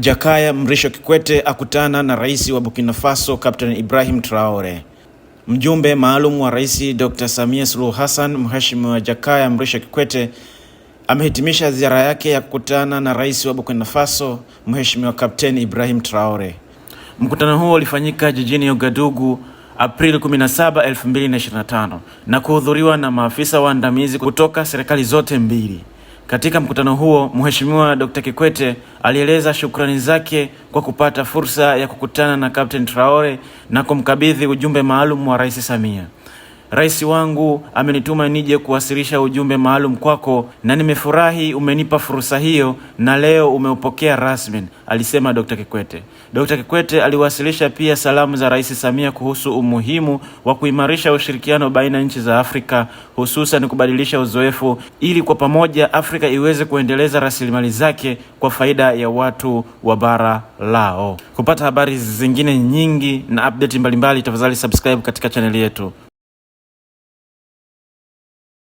Jakaya Mrisho Kikwete akutana na rais wa Burkina Faso Kapteni Ibrahim Traore. Mjumbe maalum wa Rais Dr. Samia Suluhu Hassan, Mheshimiwa Jakaya Mrisho Kikwete amehitimisha ziara yake ya kukutana na rais wa Burkina Faso Mheshimiwa Kapteni Ibrahim Traore. Mkutano huo ulifanyika jijini Ugadugu Aprili 17, 2025 na kuhudhuriwa na maafisa waandamizi kutoka serikali zote mbili. Katika mkutano huo, Mheshimiwa d Kikwete alieleza shukrani zake kwa kupata fursa ya kukutana na captain Traore na kumkabidhi ujumbe maalum wa Rais Samia. Rais wangu amenituma nije kuwasilisha ujumbe maalum kwako na nimefurahi umenipa fursa hiyo na leo umeupokea rasmi, alisema Dr. Kikwete. Dr. Kikwete aliwasilisha pia salamu za Rais Samia kuhusu umuhimu wa kuimarisha ushirikiano baina nchi za Afrika, hususan kubadilisha uzoefu ili kwa pamoja Afrika iweze kuendeleza rasilimali zake kwa faida ya watu wa bara lao. Kupata habari zingine nyingi na update mbalimbali, tafadhali subscribe katika chaneli yetu.